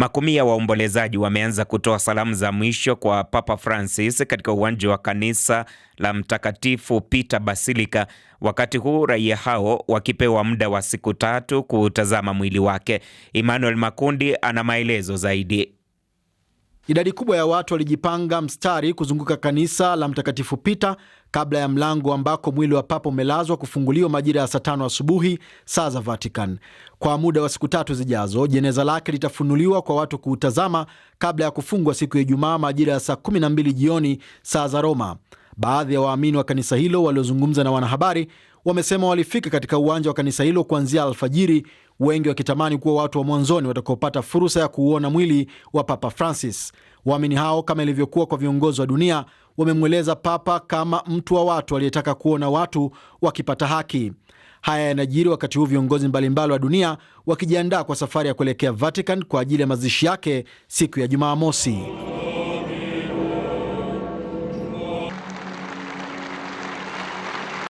Makumi ya waombolezaji wameanza kutoa salamu za mwisho kwa Papa Francis katika uwanja wa kanisa la Mtakatifu Peter Basilica, wakati huu raia hao wakipewa muda wa siku tatu kutazama mwili wake. Emmanuel Makundi ana maelezo zaidi. Idadi kubwa ya watu walijipanga mstari kuzunguka kanisa la Mtakatifu Pita kabla ya mlango ambako mwili wa papa umelazwa kufunguliwa majira ya saa tano asubuhi saa za Vatican. Kwa muda wa siku tatu zijazo, jeneza lake litafunuliwa kwa watu kuutazama kabla ya kufungwa siku ya Ijumaa majira ya saa 12 jioni saa za Roma. Baadhi ya waamini wa kanisa hilo waliozungumza na wanahabari wamesema walifika katika uwanja wa kanisa hilo kuanzia alfajiri wengi wakitamani kuwa watu wa mwanzoni watakaopata fursa ya kuuona mwili wa Papa Francis. Waamini hao, kama ilivyokuwa kwa viongozi wa dunia, wamemweleza Papa kama mtu wa watu aliyetaka kuona watu wakipata haki. Haya yanajiri wakati huu viongozi mbalimbali wa dunia wakijiandaa kwa safari ya kuelekea Vatican kwa ajili ya mazishi yake siku ya Jumamosi.